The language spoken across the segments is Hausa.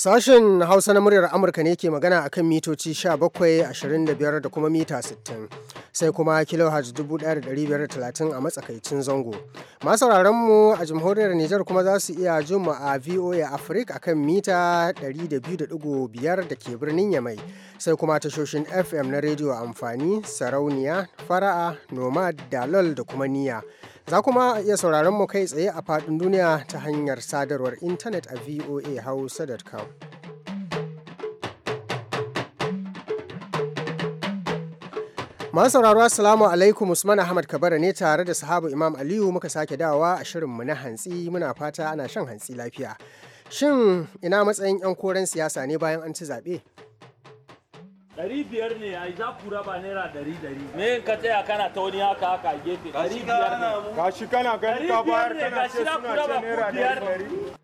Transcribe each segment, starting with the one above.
Sashen Hausa na muryar Amurka ne ke magana a kan mitoci 17,25 da kuma mita 60, sai kuma kilohertz 1,530 a matsakaicin zango. masauraranmu mu a jamhuriyar Nijar kuma za su iya jin a VOA Africa akan mita 200.5 da ke birnin Yamai, sai kuma tashoshin FM na rediyo amfani, sarauniya, fara'a, nomad, dalol da kuma niya. Za kuma iya sauraron mu kai tsaye a faɗin duniya ta hanyar sadarwar intanet a voahausa.com. Masu sauraro Assalamu alaikum Usman Ahmad Kabara ne tare da sahabu Imam Aliyu muka sake dawowa a shirin mu na hantsi muna fata ana shan hantsi lafiya. Shin ina matsayin 'yan koren siyasa ne bayan an ci zaɓe? Dari biyar ne za ku raba naira dari dari. Me in ka tsaya kana ta wani haka haka gefe. Dari biyar ne. Kashi kana gani ka bayar kana ce suna ce naira dari dari.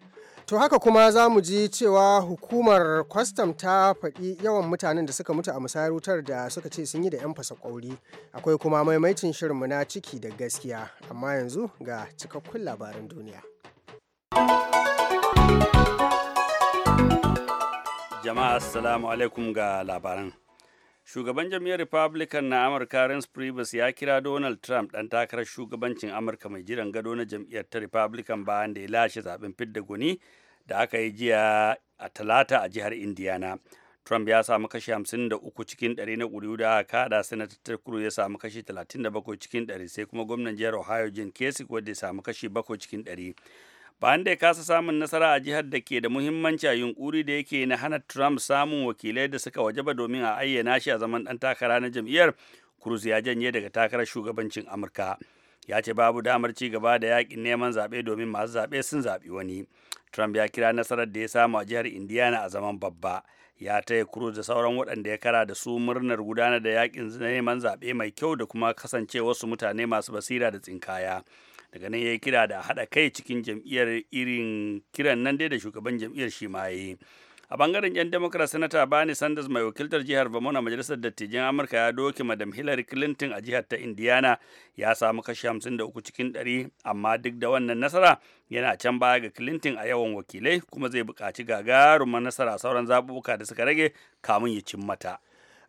To haka kuma za mu ji cewa hukumar kwastam ta faɗi yawan mutanen da suka mutu a musayar wutar da suka ce sun yi da 'yan fasa ƙwauri. Akwai kuma maimaitin shirinmu na ciki da gaskiya, amma yanzu ga cikakkun labaran duniya. Jama'a Assalamu alaikum ga labaran. shugaban jam'iyyar republican na amurka rance priebus ya kira donald trump dan takarar shugabancin amurka mai jiran gado na jam'iyyar ta republican bayan da ya lashe zaben fidda guni da aka yi jiya a talata a jihar indiana trump ya samu kashi 53 cikin 100 na ƙuri'u da aka kada sanatar kuru ya samu kashi 37 cikin 100 sai kuma gwamnan jihar ohio jim kasich wadda ya samu kashi 7 cikin 100 bayan da ya kasa samun nasara a jihar da ke da muhimmanci a yunkuri da yake na hana Trump samun wakilai da suka wajaba domin a ayyana shi a zaman dan takara na jam'iyyar Cruz ya janye daga takarar shugabancin Amurka. Ya ce babu damar ci gaba da yakin neman zaɓe domin masu zaɓe sun zaɓi wani. Trump ya kira nasarar da ya samu a jihar Indiana a zaman babba. Ya taya Cruz da sauran waɗanda ya kara da su murnar gudanar da yakin neman zaɓe mai kyau da kuma wasu mutane masu basira da tsinkaya. daga nan ya yi kira da haɗa kai cikin jam'iyyar irin kiran nan dai da shugaban jam'iyyar shi ma yi a bangaren 'yan democrat sanata bani sanders mai wakiltar jihar vermont a majalisar dattijan amurka ya doke madam hillary clinton a jihar ta indiana ya samu kashi da uku cikin 100 amma duk da wannan nasara yana can baya ga clinton a yawan wakilai kuma zai buƙaci gagarumar nasara sauran zaɓuɓɓuka da suka rage kamun ya cin mata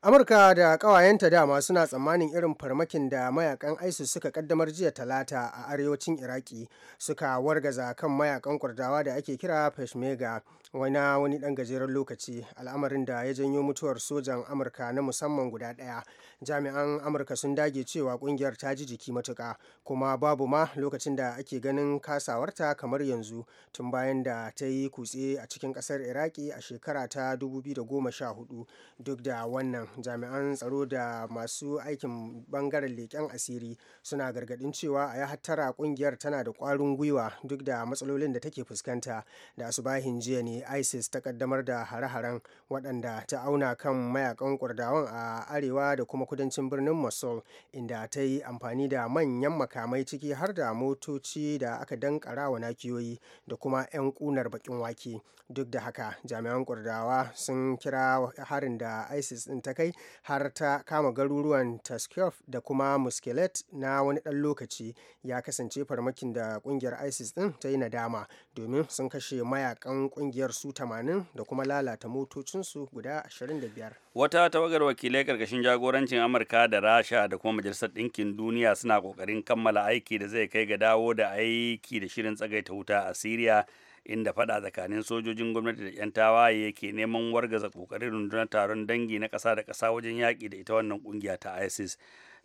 amurka da kawayenta dama suna tsammanin irin farmakin da mayakan isis suka kaddamar jiya talata a arewacin iraki suka wargaza kan mayakan kwardawa da ake kira peshmerga wana wani dan gajeren lokaci al'amarin da ya janyo mutuwar sojan amurka na musamman guda daya jami'an amurka sun dage cewa kungiyar ta ji jiki matuka kuma babu ma lokacin da ake ganin kasawarta kamar yanzu tun bayan da ta yi kutse a cikin kasar iraki a shekara ta 2014 duk da wannan jami'an tsaro da masu aikin bangaren leƙen asiri suna gargaɗin cewa a ya hattara ƙungiyar tana da ƙwarin gwiwa duk da matsalolin da take fuskanta da asubahin jiya ne isis ta kaddamar da hare-haren waɗanda ta auna kan mayakan kurdawan a arewa da kuma kudancin birnin mosul inda ta yi amfani da manyan makamai ciki har da motoci da aka dankara wa nakiyoyi da kuma 'yan ƙunar bakin wake duk da haka jami'an kurdawa sun kira harin da isis ɗin ta kai har ta kama garuruwan taskiof da kuma muskelet na wani ɗan lokaci ya kasance farmakin da ƙungiyar isis ɗin ta yi nadama domin sun kashe mayakan ƙungiyar su 80 da kuma lalata motocinsu guda 25 wata tawagar wakilai ƙarƙashin jagorancin amurka da rasha da kuma majalisar ɗinkin duniya suna ƙoƙarin kammala aiki da zai kai ga dawo da aiki da shirin tsagaita wuta a siriya inda fada tsakanin sojojin gwamnati da 'yan tawaye yake neman wargaza kokarin rundunar taron dangi na kasa da kasa wajen yaki da ita wannan kungiya ta isis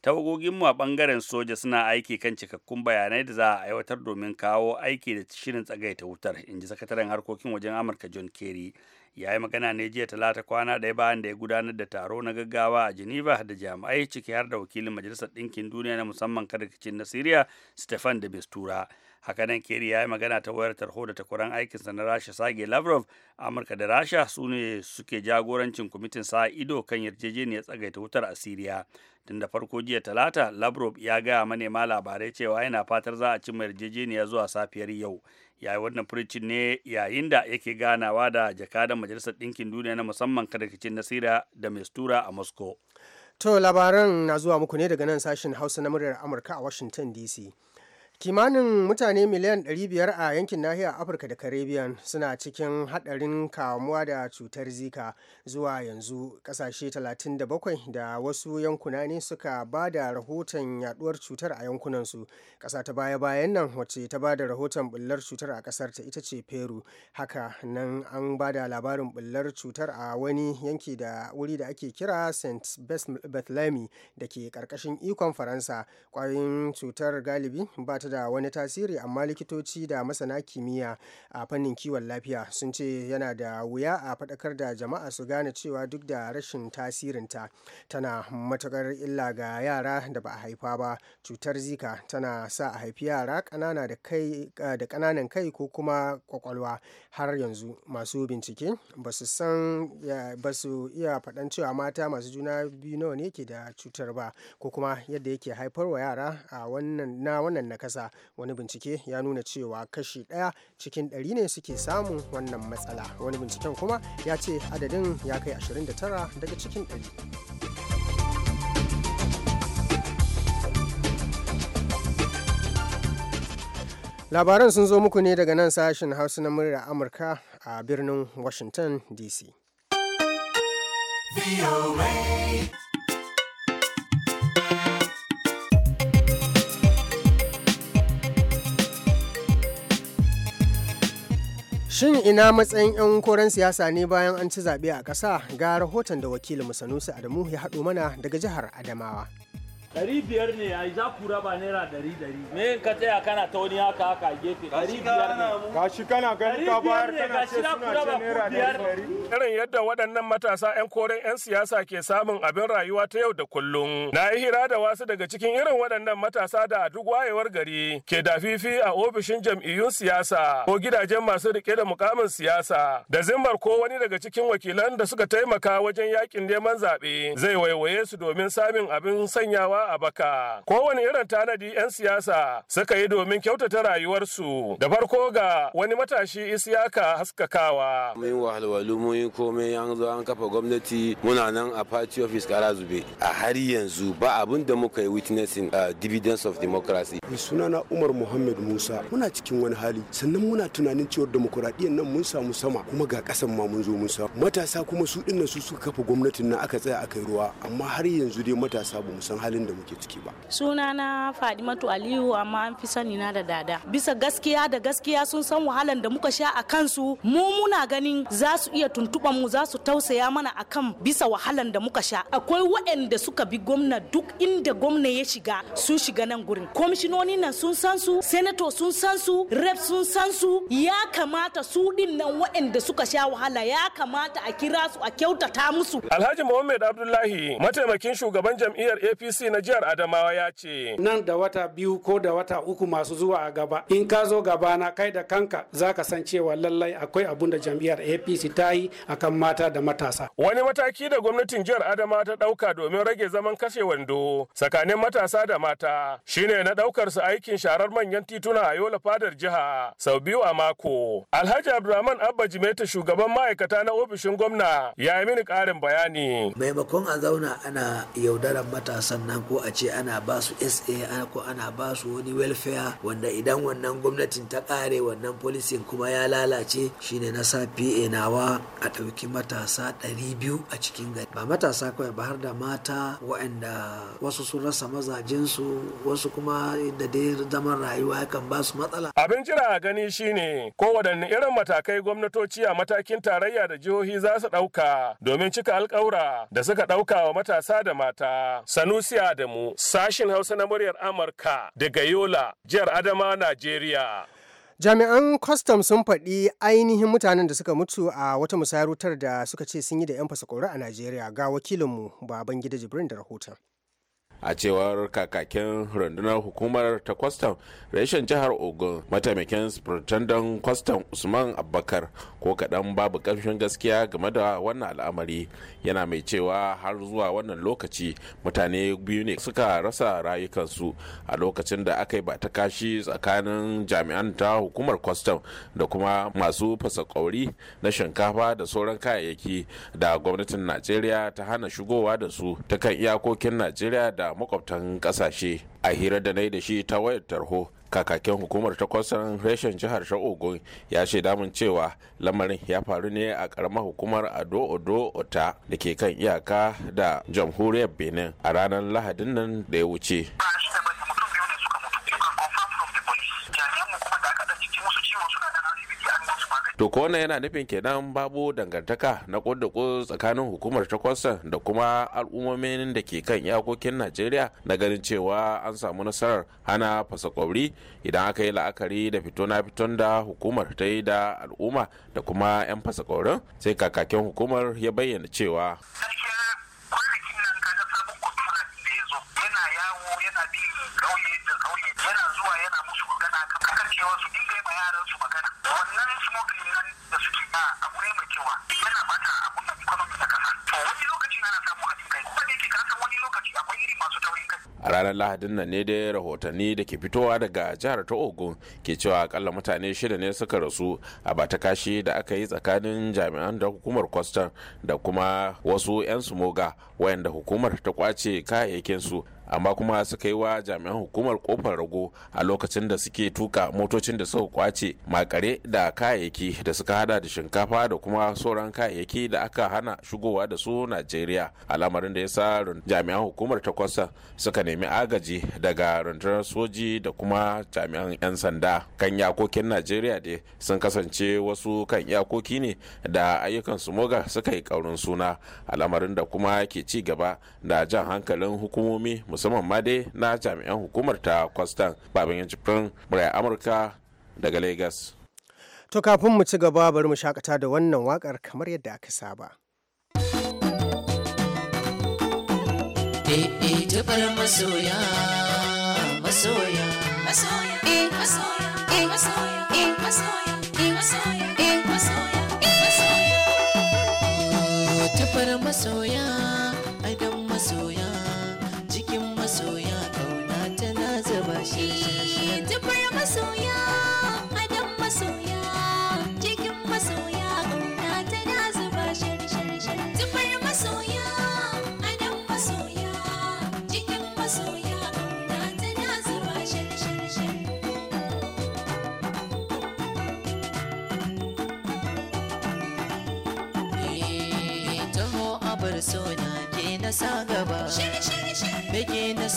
tawagogin mu a ɓangaren soja suna aiki kan cikakkun bayanai da za a aiwatar domin kawo aiki da shirin tsagaita wutar in ji sakataren harkokin wajen amurka john kerry ya yi magana ne jiya talata kwana ɗaya bayan da ya gudanar da taro na gaggawa a geneva da jami'ai ciki har da wakilin majalisar ɗinkin duniya na musamman kada na siriya stefan da mistura hakanan keri ya yi magana ta wayar tarho da takwaran aikinsa na rasha sage lavrov amurka da rasha su ne suke jagorancin kwamitin sa ido kan yarjejeniyar tsagaita wutar asiriya tun da farko jiya talata lavrov ya gaya manema labarai cewa yana fatar za a cimma yarjejeniya zuwa safiyar yau ya yi wannan furicin ne yayin da yake ganawa da jakadan majalisar ɗinkin duniya na musamman kadarkicin nasira da tura a moscow to labaran na zuwa muku ne daga nan sashen hausa na muryar amurka a washington dc kimanin mutane miliyan 500 a yankin nahiyar afirka da caribbean suna cikin hadarin kamuwa da cutar zika zuwa yanzu kasashe 37 da wasu yankuna ne suka ba da rahoton yaduwar cutar a yankunansu kasa ta baya-bayan nan wacce ta ba da rahoton bullar cutar a kasar ta ita ce peru haka nan an ba da labarin bullar cutar a wani yanki da wuri da ake kira st bethlehem da ke karkashin ikon faransa kwayoyin cutar galibi ba ta da wani tasiri amma likitoci da masana kimiyya a fannin kiwon lafiya sun ce yana da wuya a faɗakar da jama'a su gane cewa duk da rashin tasirinta tana matuƙar illa ga yara da ba a haifa ba cutar zika tana sa a haifi yara ƙanana da ƙananan kai ko kuma kwakwalwa har yanzu masu bincike ba su san ba su iya faɗan cewa mata masu juna biyu nawa ne ke da cutar ba ko kuma yadda yake haifar wa yara a wannan na wannan nakasa ƙasa wani bincike ya nuna cewa kashi ɗaya cikin ɗari ne suke samun wannan matsala wani binciken kuma ya ce adadin ya kai 29 daga cikin ɗari. labaran sun zo muku ne daga nan sashen hausa na murya amurka a birnin washington dc Shin ina matsayin 'yan koren siyasa ne bayan an ci zaɓe a ƙasa ga rahoton da wakilin Sanusi Adamu ya haɗo mana daga jihar Adamawa. Dari biyar ne ya za ku raba naira dari dari. me ka tsaya kana ta wani haka haka a gefe dari biyar ne gashi kana gani ka bayar kana ce suna ce naira ɗari irin yadda waɗannan matasa 'yan koren 'yan siyasa ke samun abin rayuwa ta yau da kullum na yi hira da wasu daga cikin irin waɗannan matasa da a duk wayewar gari ke da fifi a ofishin jam'iyyun siyasa ko gidajen masu rike da mukamin siyasa da zimmar ko wani daga cikin wakilan da suka taimaka wajen yakin neman zaɓe zai waiwaye su domin samun abin sanyawa a baka. Kowane irin tanadi 'yan siyasa suka yi domin kyautata rayuwarsu. Da farko ga wani matashi Isiyaka haskakawa. Mun wahalwalu mun yi komai an zo an kafa gwamnati muna nan a party office kara zube. A har yanzu ba abin da muka yi witnessing uh, dividends of democracy. Mai sunana Umar Muhammad Musa muna cikin wani hali sannan muna tunanin cewa demokuraɗiyyar nan mun samu sama kuma ga ƙasan ma mun zo mun samu. Matasa kuma su ɗin su suka kafa gwamnatin nan aka tsaya aka yi ruwa amma har yanzu dai matasa ba mu san halin da da muke ciki ba sunana fadimatu aliyu amma an fi sani na da dada bisa gaskiya da gaskiya sun san wahalan da muka sha a kansu mu muna ganin za su iya tuntuɓa mu za su tausaya mana akan bisa wahalan da muka sha akwai waɗanda suka bi gwamna duk inda gwamna ya shiga sun shiga nan gurin kwamishinoni nan sun san su senator sun san su rep sun san su ya kamata su din nan waɗanda suka sha wahala ya kamata a kira su a kyautata musu alhaji muhammad abdullahi mataimakin shugaban jam'iyyar apc na jihar Adamawa ya ce. Nan da wata biyu ko da wata uku masu zuwa a gaba in ka zo gaba na kai da kanka za ka san cewa lallai akwai abun da jam'iyyar APC ta yi akan mata da matasa. Wani mataki da gwamnatin jihar Adamawa ta ɗauka domin rage zaman kashe wando tsakanin matasa da mata shine na ɗaukar su aikin sharar manyan tituna a Yola fadar jiha sau biyu a mako. Alhaji Abdulrahman Abba Jimeta shugaban ma'aikata na ofishin gwamna ya yi mini ƙarin bayani. Maimakon a zauna ana yaudarar matasan nan ko a ce ana ba su sa ko ana ba su wani welfare wanda idan wannan gwamnatin ta kare wannan policing kuma ya lalace shine na sa pa nawa a ɗauki matasa 200 a cikin gari ba matasa kawai ba har da mata waɗanda wasu sun rasa mazajensu wasu kuma da dai zaman rayuwa kan ba su matsala abin jira a gani shine kowaɗanne irin matakai gwamnatoci a matakin tarayya da jihohi za su ɗauka domin cika alƙawura da suka ɗauka wa matasa da mata sanusiya da da mu sashin Hausa na muryar Amurka daga Yola, jihar Adama, Najeriya. jami'an kwastam sun faɗi ainihin mutanen da suka mutu a wata musayar wutar da suka ce sun yi da 'yan fasa a najeriya ga wakilinmu baban gida jibrin da rahoton a cewar kakakin rundunar hukumar ta kwastam reshen jihar ogun mataimakin superintendent kwastam usman abubakar ko kadan babu karfin gaskiya game da wannan al'amari yana mai cewa har zuwa wannan lokaci mutane biyu ne suka rasa rayukansu a lokacin da aka yi ba ta kashi tsakanin jami'an ta hukumar kwastam da kuma masu fasa na shinkafa da sauran kayayyaki da gwamnatin najeriya ta hana shigowa da su ta kan iyakokin najeriya da makwabtan kasashe a hira da na yi da shi ta wayar tarho kakakin hukumar ta kwasan reshen jihar ogun ya ce damun cewa lamarin ya faru ne a karamar hukumar ado odo ota da ke kan iyaka da jamhuriyar benin a ranar lahadin nan da ya wuce to ko wannan yana nufin kenan babu dangantaka na da tsakanin hukumar ta da kuma al'ummomin da ke kan iyakokin najeriya na ganin cewa an samu nasarar hana fasa kwauri idan aka yi la'akari da fito na fiton da hukumar ta yi da al'umma da kuma 'yan fasa kwaurin sai kakakin hukumar ya bayyana cewa yana zuwa yana musu magana kan cewa su dinga yi ma yaran su magana wannan smuggling nan da suke a abu mai cewa yana bata abun da economy na kasa to wani lokaci na samu haɗin kai kuma da yake san wani lokaci akwai iri masu taurin kai a ranar lahadin nan ne da rahotanni da ke fitowa daga jihar ta ogun ke cewa akalla mutane shida ne suka rasu a bata kashi da aka yi tsakanin jami'an da hukumar kwastam da kuma wasu 'yan sumoga wayanda hukumar ta kwace kayayyakinsu amma kuma suka yi wa jami'an hukumar kofar rago a lokacin da suke tuka motocin da suka kwace makare da kayayyaki da suka hada da shinkafa da kuma sauran kayayyaki da aka hana shigowa da su najeriya al'amarin da ya sa jami'an hukumar ta kwasa suka nemi agaji daga rundunar soji da kuma jami'an 'yan sanda kan yakokin najeriya da sun kasance wasu kan yakoki ne da ayyukan su moga suka yi kaurin suna al'amarin da kuma ke ci gaba da jan hankalin hukumomi musamman ma dai na jami'an hukumar ta kwastan babin yancifin amurka daga lagos To kafin mu ci gaba bari mu shakata da wannan wakar kamar yadda aka saba. Eh jabar masoya masoya masoya masoya masoya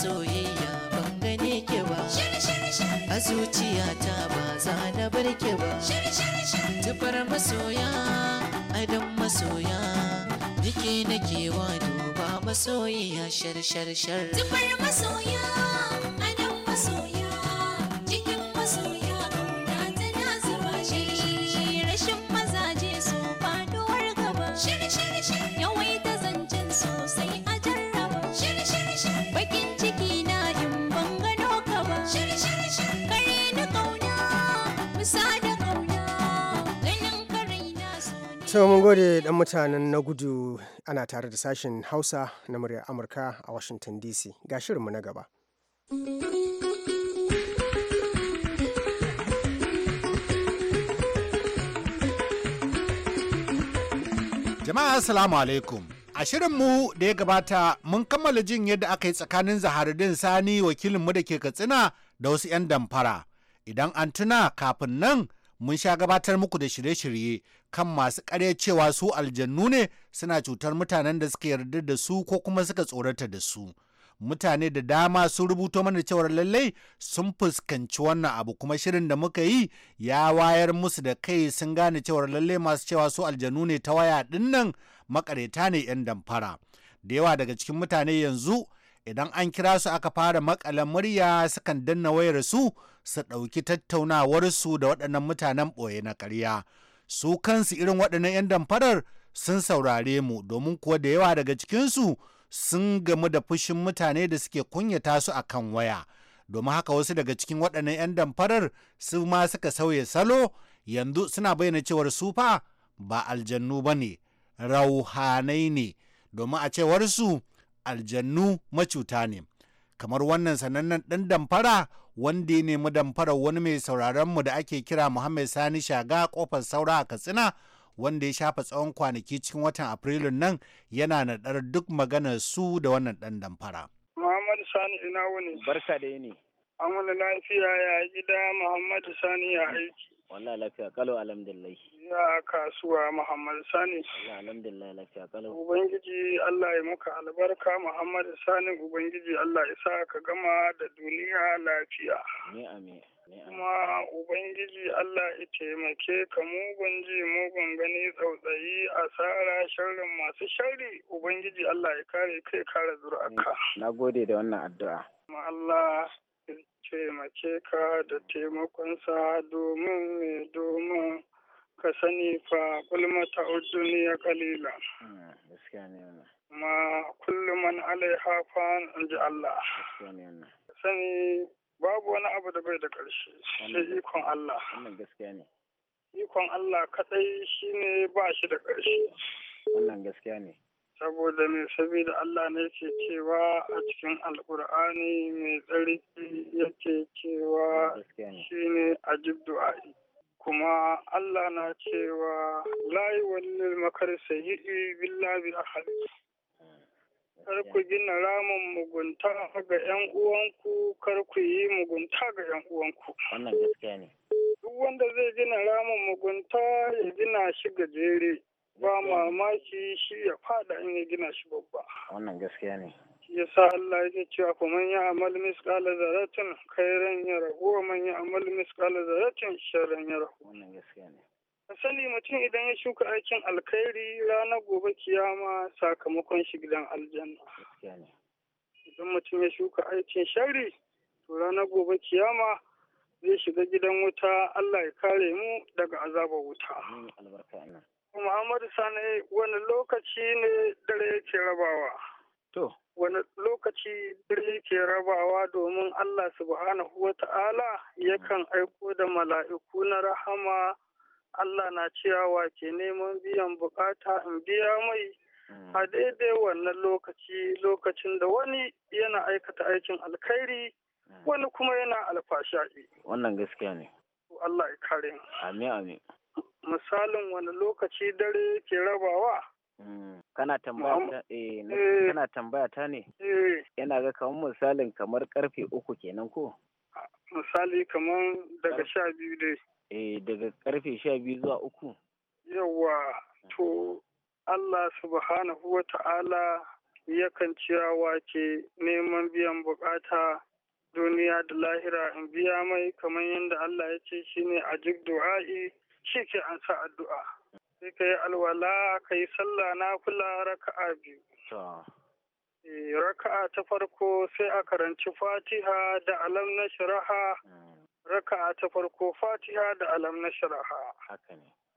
soyayya ban gane ki ba a zuciyata ba za na bar ki ba tufar masoya adon masoya nake na kewa duba masoyiya shar shar shar tufar masoya adon masoya cikin masoya kauna tana zuba shi rashin mazaje su faduwar gaba shar shar so mun gode dan mutanen na gudu ana tare da sashen hausa na muryar amurka a washington dc ga shirinmu na gaba jama'a assalamu alaikum a shirinmu da ya gabata mun kammala jin yadda aka yi tsakanin zaharuddin sani wakilinmu da ke katsina da wasu 'yan damfara idan an tuna kafin nan mun sha gabatar muku da shirye-shirye kan masu karya cewa su aljannu ne suna cutar mutanen da suka yarda da su ko kuma suka tsorata da su. Mutane da dama sun rubuto mana cewar lallai sun fuskanci wannan abu kuma shirin da muka yi ya wayar musu da kai sun gane cewar lallai masu cewa su aljanu ne ta waya dinnan makareta ne 'yan damfara. Da yawa daga cikin mutane yanzu idan an kira su aka fara makala murya sukan danna wayar su su ɗauki tattaunawar su da waɗannan mutanen ɓoye na karya. su kansu irin waɗannan 'yan damfarar sun saurare mu domin kuwa da yawa daga cikinsu sun gamu da fushin mutane da suke kunyata su a kan waya domin haka wasu daga cikin waɗannan 'yan damfarar su ma suka sauya salo yanzu suna bayyana cewar su fa ba aljannu ba ne rauhanai ne domin a cewar su aljannu macuta ne kamar wannan sanannen ɗan damfara wanda ya nemi damfarar wani mai sauraronmu da ake kira Muhammad Sani Shaga kofar saura a Katsina wanda ya shafa tsawon kwanaki cikin watan Afrilun nan yana naɗar duk maganar su da wannan ɗan damfara. Muhammad Sani ina wuni. Barka da yini. amma lafiya ya gida Muhammad Sani ya aiki. Wallahi lafiya kalo alhamdulillah. Ina kasuwa Muhammad Sani. Wallahi alhamdulillah lafiya kalo. Ubangiji Allah ya muka albarka Muhammad Sani Ubangiji Allah ya sa ka gama da duniya lafiya. Ni ame. Kuma Ubangiji Allah ya taimake ka mugun ji mugun gani tsautsayi asara sharrin masu sharri Ubangiji Allah ya kare kai kare zuri'arka. Na gode da wannan addu'a. Allah taimake ka da taimakonsa domin domin ka sani fa kulmata duniya kalila. Ah, Ma kullum an alaiha in ji Allah. Sani babu wani abu da bai da ƙarshe sai ikon Allah. Ikon Allah kaɗai ne ba shi da ƙarshe. Wannan gaskiya ne. saboda ne saboda Allah ne ke cewa a cikin alkur'ani mai tsarki yake cewa shine a du'a'i kuma Allah na cewa layi wani makar sayyi'i billahi halittu hmm. kar ku gina ramin mugunta ga yan uwanku kar ku yi mugunta ga yan uwanku wannan gaskiya ne duk wanda zai gina ramin mugunta ya gina shi gajere ba mamaki shi ya fada in ya gina shi babba wannan gaskiya ne sa Allah yake cewa fa man ya amal misqala zaratin ya rahu wa man ya amal misqala zaratin ya rahu. wannan gaskiya ne asali mutum idan ya shuka aikin alkhairi ranar gobe kiyama sakamakon shi gidan aljanna idan mutum ya shuka aikin shari to ranar gobe kiyama zai shiga gidan wuta Allah ya kare mu daga azabar wuta Muhammadu Sani wani lokaci ne dare yake rabawa. To. Wani lokaci dare yake rabawa domin Allah subhanahu wa ta'ala yakan mm. aiko da mala'iku na rahama Allah na ciyawa ke neman biyan bukata in biya mai mm. a daidai wannan lokaci lokacin da wani yana aikata aikin alkhairi mm. wani kuma yana alfashari. Wannan gaskiya ne. Allah ya kare. Amin amin. misalin wani lokaci dare ke rabawa. Mm, kana tambaya eh, eh. kana ta ne? Eh. Yana ga kamar misalin kamar karfe uku kenan ko? Misali kamar daga sha biyu dai. Eh daga karfe sha biyu zuwa uku. Yawwa to Allah subhanahu wa ta'ala yakan ciyawa ke neman biyan bukata duniya da lahira in biya mai kamar yadda Allah ya ce shi ne a duk du'a'i shi ke an sa addu'a sai ka yi alwala ka yi sallah na kula raka'a biyu eh, raka'a ta farko sai a karanci fatiha da alam na shiraha hmm. raka'a ta farko fatiha da alam na shiraha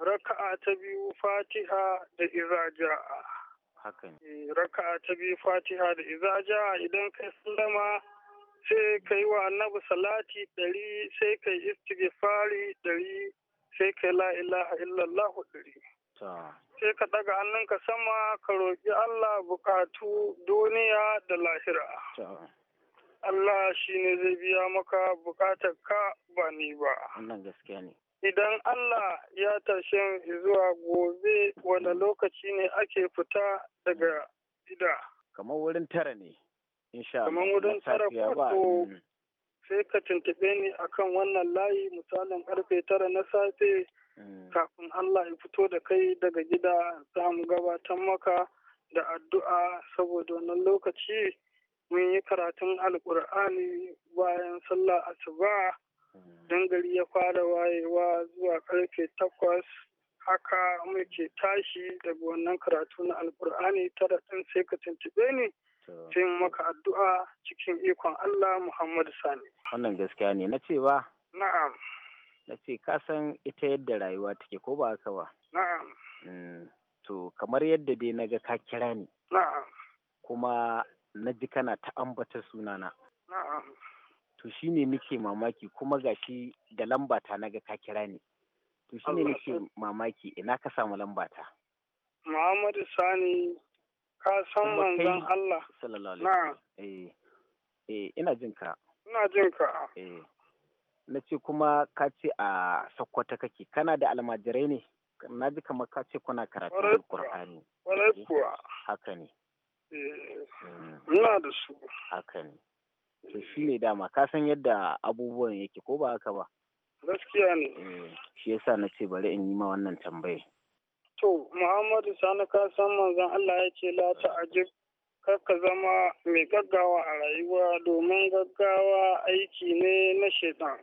raka'a ta biyu fatiha da izaja'a eh, raka'a ta biyu fatiha da izaja'a idan kai sallama sai ka yi wa annabi salati ɗari sai ka yi istighfari ɗari sai ka la ilaha illallah ɗari. Sai ka ɗaga hannunka sama ka roƙi Allah buƙatu duniya da lahira. Allah shi ne zai biya maka buƙatar ka ba ni ba. Wannan gaskiya ne. Idan Allah ya tashe zuwa gobe wani lokaci ne ake fita daga gida. Kamar wurin tara ne. Insha Allah. Kamar wurin tara ko sai ka tuntuɓe ni akan wannan layi misalin karfe tara na safe mm. kafin Allah ya fito da kai daga gida za mu gabatar maka da addu'a saboda wannan lokaci mun yi karatun alkur'ani bayan sallah asuba mm. don gari ya fara wayewa zuwa karfe takwas haka muke tashi daga wannan karatu na alkur'ani tara ɗin sai ka tuntuɓe ni Jin maka addu'a cikin ikon Allah Muhammadu Sani. Wannan gaskiya ne na ce ba? Na'am. Na ce ka san ita yadda rayuwa take ko ba haka ba? Na'am. Mm, to kamar yadda dai na ga ka kira ni. Na'am. Kuma na ji kana ta ambata sunana. Na'am. To shi ne nake mamaki kuma gashi da lambata na ga ka kira ni. To shi ne nake mamaki ina ka samu lambata. Muhammadu Sani ka san manzon Allah sallallahu alaihi eh eh ina jin ka ina jin ka eh na ce kuma ka ce a sakkwata kake kana da almajirai ne na ji kamar ka ce kuna karatun Qur'ani kwarai eh, haka ne eh, mm. ina da su haka ne to shi ne dama ka san yadda abubuwan yake ko ba haka ba gaskiya ne eh, shi yasa na ce bari in yi ma wannan tambayi. To, Muhammadu Sani ka san manzon Allah ya ce la ta'ajib ka zama mai gaggawa a rayuwa domin gaggawa aiki ne na shaitan.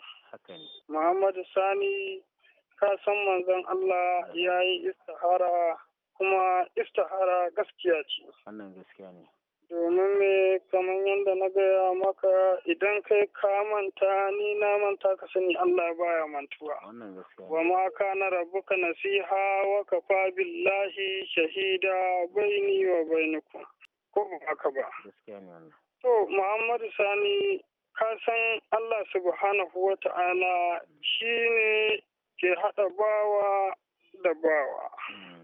Muhammadu Sani ka san manzon Allah ya yi istihara kuma istihara gaskiya ce. Wannan gaskiya ne. domin me kamar yadda na gaya maka idan kai ka manta ni na manta ka sani Allah baya mantuwa wa ma rabu ka nasiha wa kafa billahi shahida baini wa bainiku. ko ba haka ba to Muhammadu Sani ka san Allah subhanahu wa ta'ala shine ke hada bawa da bawa hmm.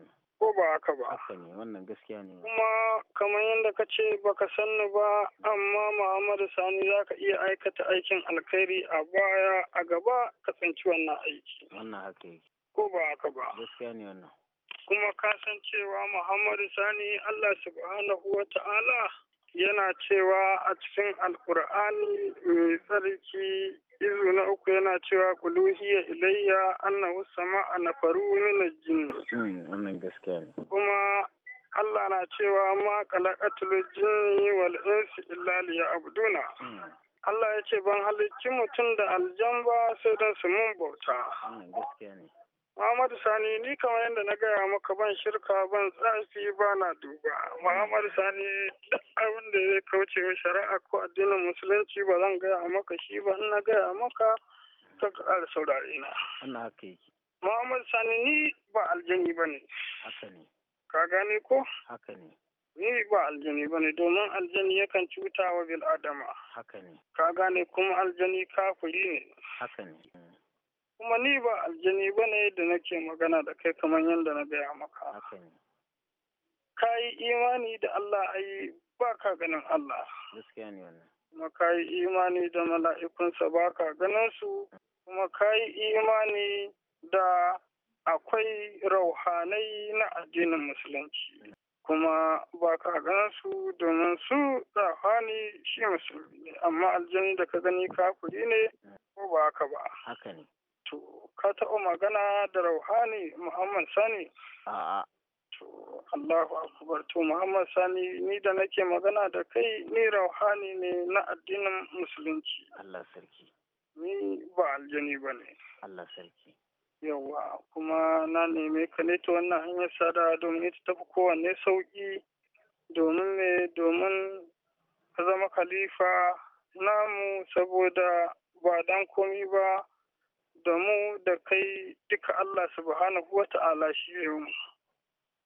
ko ba haka ba haka ne wannan gaskiya ne kuma kamar yadda ka ce baka ni ba amma Muhammadu Sani za ka iya aikata aikin alkhairi a baya a gaba ka tsinci wannan aiki wannan haka yake ko ba haka ba gaskiya ne wannan kuma ka san cewa Muhammadu Sani Allah subhanahu wa ta'ala yana cewa a cikin alkur'ani mai tsarki izu na uku yana cewa kuluhiya ilayya annahu sama'a na faru min jini. Hmm, kuma Allah na cewa ma kalakatul jini wal insi illa abduna. Hmm. Allah ya ce ban halicci mutum da aljamba sai don su mun bauta. Hmm, Muhammadu Sani ni kamar yadda na gaya maka ban shirka ban tsafi ba na duba. Muhammadu Sani duk abin da zai kauce wa shari'a ko addinin musulunci ba zan gaya maka shi ba in na gaya maka ta ƙara saurare na. Muhammadu Sani ni ba aljani ba ne. ne. Ka gane ko? Haka ne. ni ba aljani ba ne domin aljani yakan cuta wa bil'adama. Haka ne. Ka gane kuma aljani kafiri ne. Haka ne. kuma ni ba aljani ba ne da nake magana da kai kamar yadda na gaya maka ka yi imani da Allah yi ba ka ganin Allah kuma ka yi imani da mala'ikunsa ba ka ganin su kuma ka yi imani da akwai rauhanai na addinin musulunci kuma ba ka ganin su domin su rauhani shi musulmi amma aljani da ka gani kafuri ne A da rauhani muhammad sani Allahu akbar to Muhammad Sani ni da nake magana da kai ni rauhani ne na addinin musulunci. Allah sarki. Ni ba aljani ba ne. Allah sarki. Yawa kuma na neme ka ne ta wannan hanyar sada domin ita tafi kowanne sauƙi domin ne domin ka zama khalifa namu saboda ba dan komi ba da mu da kai duka Allah subhanahu wa ta'ala shi ne mu.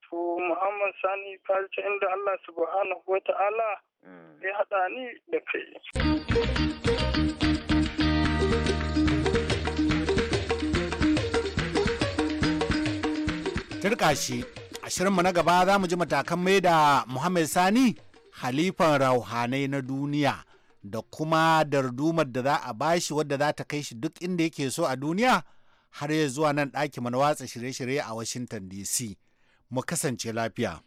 To Muhammad Sani ka inda Allah subhanahu wa ta'ala mm. ya haɗa ni da kai. Turka shi, a mu na gaba za mu ji matakan mai da Muhammad Sani halifan rauhanai na duniya. da kuma dardumar da za a bashi wadda za ta kai shi duk inda yake so a duniya har ya zuwa nan ɗaki mana watsa shirye-shirye a Washington DC. Mu kasance lafiya.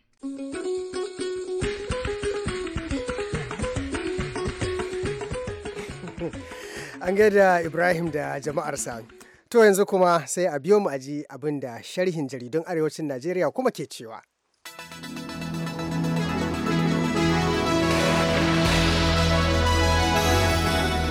An gaida Ibrahim da jama'arsa. To yanzu kuma sai a biyo mu aji abin da sharhin jaridun Arewacin Najeriya kuma ke cewa.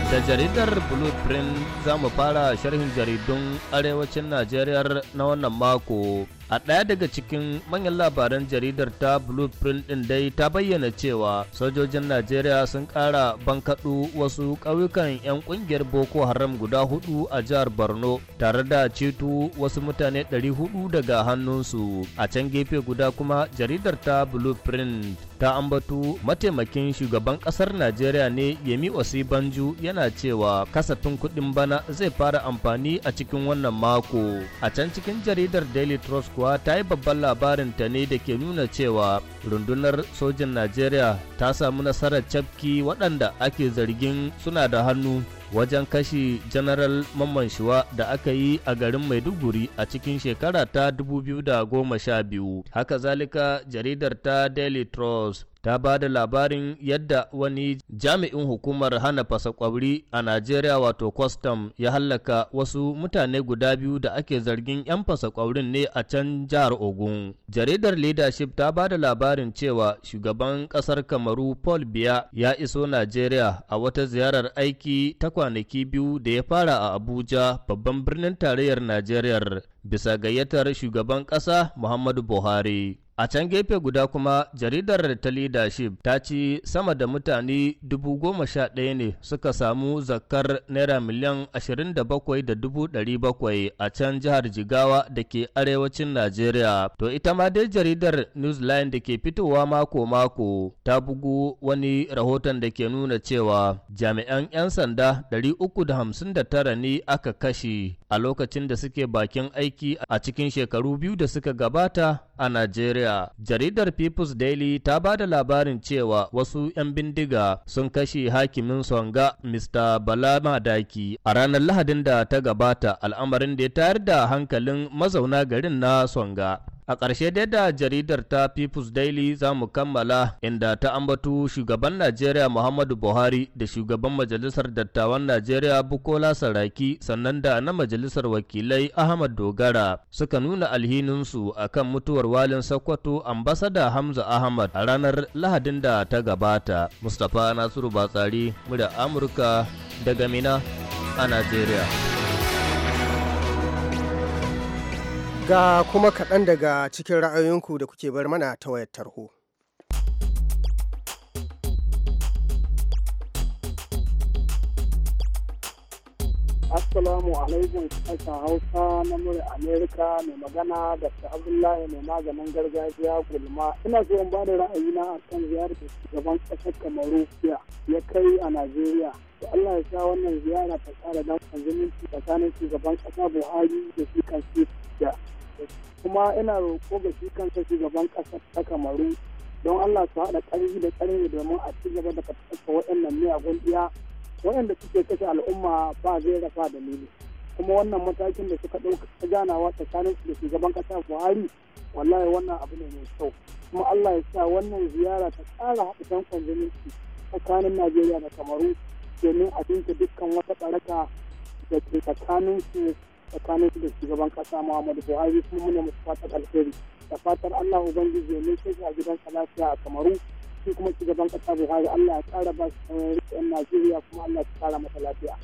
Da jaridar Blueprint za mu fara sharhin jaridun arewacin Najeriya na wannan mako a ɗaya daga cikin manyan labaran jaridar ta blueprint ɗin dai ta bayyana cewa sojojin najeriya sun ƙara bankaɗu wasu ƙauyukan 'yan ƙungiyar boko haram guda hudu a jihar borno tare da ceto wasu mutane ɗari 400 daga hannunsu a can gefe guda kuma jaridar ta blueprint ta ambatu mataimakin shugaban ƙasar najeriya ne yemi osibanju yana cewa kasafin kuɗin bana zai fara amfani a cikin wannan mako a can cikin jaridar daily trust kuwa ta yi babban labarin ta ne da ke nuna cewa rundunar sojin Najeriya ta samu nasarar cafki waɗanda ake zargin suna da hannu wajen kashe janaral Mamman Shuwa da aka yi a garin Maiduguri a cikin shekara ta 2012. Haka zalika jaridar ta Daily Trust ta ba da labarin yadda wani jami'in hukumar hana fasa kwauri a Najeriya wato kwastam ya hallaka wasu mutane guda biyu da ake zargin 'yan fasa ƙwaurin ne a can jihar Ogun. Jaridar Leadership ta ba da labarin cewa shugaban kasar Kamaru Paul Biya ya iso Najeriya a wata ziyarar aiki ta kwanaki biyu da ya fara a Abuja babban birnin tarayyar Najeriya bisa gayyatar shugaban ƙasa Muhammadu Buhari. A can gefe guda kuma jaridar ta leadership ta ci sama da mutane dubu goma sha ɗaya ne suka samu zakar naira miliyan ashirin da bakwai da dubu ɗari bakwai a can jihar Jigawa da ke arewacin Najeriya. To ita ma dai jaridar Newsline da ke fitowa mako-mako ta bugu wani rahoton da ke nuna cewa jami'an 'yan sanda ɗari uku da hamsin da tara ne aka kashe a lokacin da suke bakin aiki a cikin shekaru biyu da suka gabata a Najeriya. jaridar People's Daily ta ba da labarin cewa wasu 'yan bindiga sun kashe hakimin Songa Mr. Bala Madaki a ranar Lahadin da ta gabata al'amarin da ya tayar da hankalin mazauna garin na Songa. A ƙarshe dai da jaridar ta People's Daily za mu kammala inda ta ambatu shugaban Najeriya Muhammadu Buhari da shugaban Majalisar Dattawan Najeriya Bukola Saraki sannan da na Majalisar Wakilai Ahmad Dogara suka nuna alhininsu a kan mutuwar walin Sokoto ambasada Hamza Ahmad a ranar Lahadin da ta gabata. Mustapha Nasiru Batsari, murya Amurka daga Mina a Najeriya. Ga kuma kaɗan daga cikin ra'ayoyinku da kuke bar mana ta wayar tarho. Assalamu alaikum sashen Hausa na muri Amerika mai magana da Abdullahi mai maganin gargajiya gulma. Ina so in bada ra'ayina a kan ziyarar shugaban ƙasar Kamaru ya kai a Najeriya. To Allah ya sa wannan ziyara ta tsara dan zumunci tsakanin shugaban ƙasa Buhari da shi kan ya kuma ina roƙo ga shi kansa shugaban ƙasar ta kamaru don allah su haɗa ƙarfi da ƙarfi domin a ci gaba da kafa waɗannan miyagun ɗiya waɗanda suke kashe al'umma ba zai rafa dalili kuma wannan matakin da suka ɗauka ta ganawa tsakanin da shugaban ƙasa buhari wallahi wannan abu ne mai kyau kuma allah ya sa wannan ziyara ta ƙara haɗa tankon zumunci tsakanin najeriya da kamaru domin a dinka dukkan wata ɓaraka da ke tsakaninsu tsakanin su da shugaban kasa Muhammadu Buhari kuma muna musu fatan alheri da fatar Allah ubangiji ya nishe shi a gidan lafiya a Kamaru shi kuma shugaban kasa Buhari Allah ya kara ba shi yan Najeriya kuma Allah ya kara masa lafiya.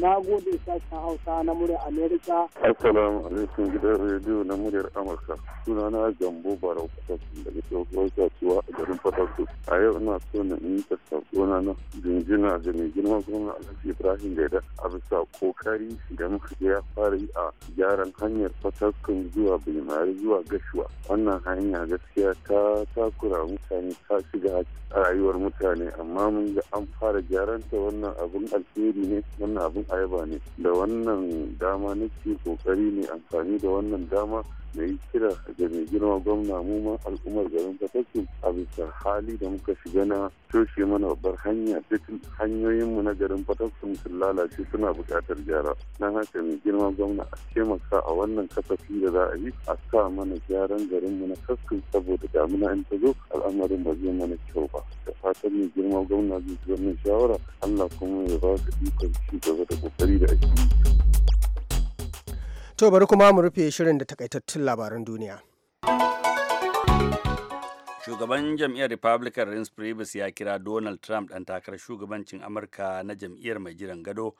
na gode sashen hausa na muryar amerika assalamu alaikum gidan rediyo na muryar amurka sunana gambo barau kusursun daga tsohuwar kasuwa a garin fatarku a yau ina so na in ta sakona na jinjina da mai girma gwamna alhaji ibrahim gaida a bisa kokari da muka ya fara yi a gyaran hanyar fatarkun zuwa bilimari zuwa gashuwa wannan hanya gaskiya ta takura mutane ta shiga rayuwar mutane amma mun ga an fara gyaran ta wannan abun alheri ne wannan abun haiba ne da wannan dama nake kokari ne amfani da wannan dama da yi kira ga mai girma gwamna mu ma al'ummar garin tafakin a bisa hali da muka shiga na toshe mana babbar hanya duk mu na garin fatakun sun lalace suna buƙatar gyara nan haka mai girma gwamna a taimaka a wannan kasafi da za a yi a sa mana gyaran garinmu na kaskun saboda damuna in ta zo al'amarin ba zai mana kyau ba da fatan mai girma gwamna zai zama shawara allah kuma ya ba ka ikon ci gaba da kokari da ake yi To bari kuma mu rufe shirin da takaitattun labaran duniya. Shugaban jam'iyyar Republican Reince Priebus ya kira Donald Trump ɗan takarar shugabancin Amurka na jam'iyyar mai jiran gado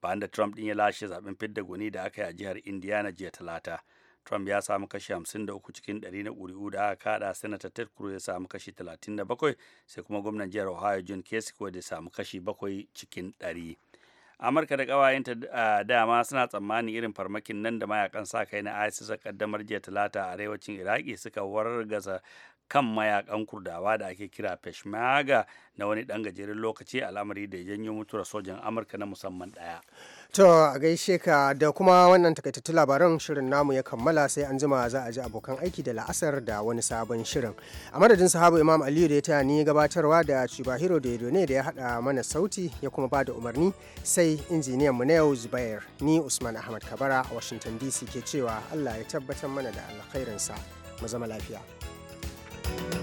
bayan da Trump ɗin ya lashe zaben fidda gwani da aka yi a jihar Indiana jiya Talata. Trump ya samu kashi 53 cikin 100 na ƙuri'u da aka kada Senator Ted Cruz ya samu kashi 37 sai kuma gwamnan jihar Ohio John Kasich wanda ya samu kashi 7 cikin 100. amurka da ƙawayenta a dama suna tsammanin irin farmakin nan da mayakan sa kai na isis a kaddamar jiya talata a arewacin iraki suka wargaza kan mayakan kurdawa da ake kira peshmerga na wani ɗan gajeren lokaci al'amari da janyo mutuwar sojan amurka na musamman ɗaya to a gaishe ka da kuma wannan takaitattun labaran shirin namu ya kammala sai an jima za a ji abokan aiki da la'asar da wani sabon shirin a madadin sahabu imam aliyu da ya taya ni gabatarwa da chibahiro da ne da ya hada mana sauti ya kuma ba da umarni sai injiniyan mu na yau zubair ni usman ahmad kabara a washington dc ke cewa allah ya tabbatar mana da alkhairinsa mu zama lafiya Bye.